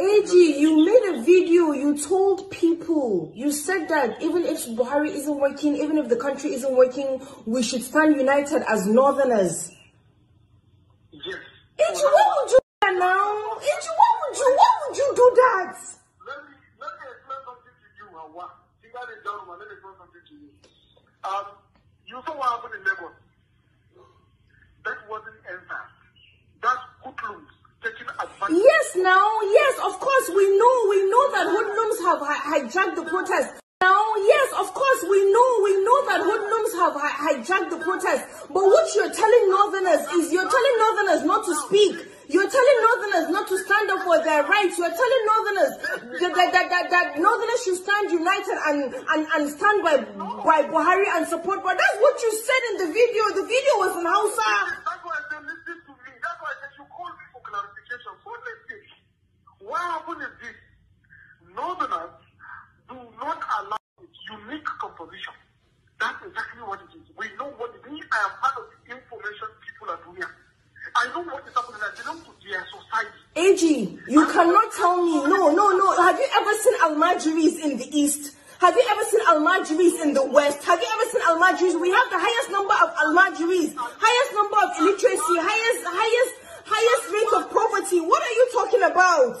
AG, you made a video, you told people, you said that even if Buhari isn't working, even if the country isn't working, we should stand united as northerners. Yes. AG, why would you do that now? AG, why would you, why would you do that? Let me, let me explain something to you, Hawa. See, ladies and gentlemen, let me explain something to you. Um, you saw what happened in Lagos. now. Yes, of course, we know, we know that hoodlums have hijacked the protest. Now, yes, of course, we know, we know that hoodlums have hijacked the protest. But what you're telling Northerners is you're telling Northerners not to speak. You're telling Northerners not to stand up for their rights. You're telling Northerners that, that, that, that, that Northerners should stand united and, and, and stand by, by Buhari and support. But that's what you said in the video. The video was in Hausa. happen is this. Northerners do not allow its unique composition. That's exactly what it is. We know what it is. I am part of the information people are doing. I know what is happening. I belong to their society. AG, you cannot tell me. No, no, no. Have you ever seen Almajiris in the East? Have you ever seen Almajiris in the West? Have you ever seen Almajiris? We have the highest number of Almajiris, highest number of illiteracy, highest, highest, highest rate of poverty. What are you talking about?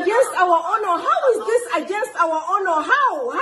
against our honor? How is this against our honor? How?